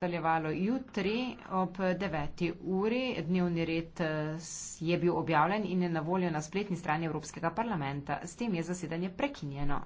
nadaljevalo jutri ob 9. uri. Dnevni red eh, je bil objavljen in je na voljo na spletni strani Evropskega parlamenta. S tem je zasedanje prekinjeno.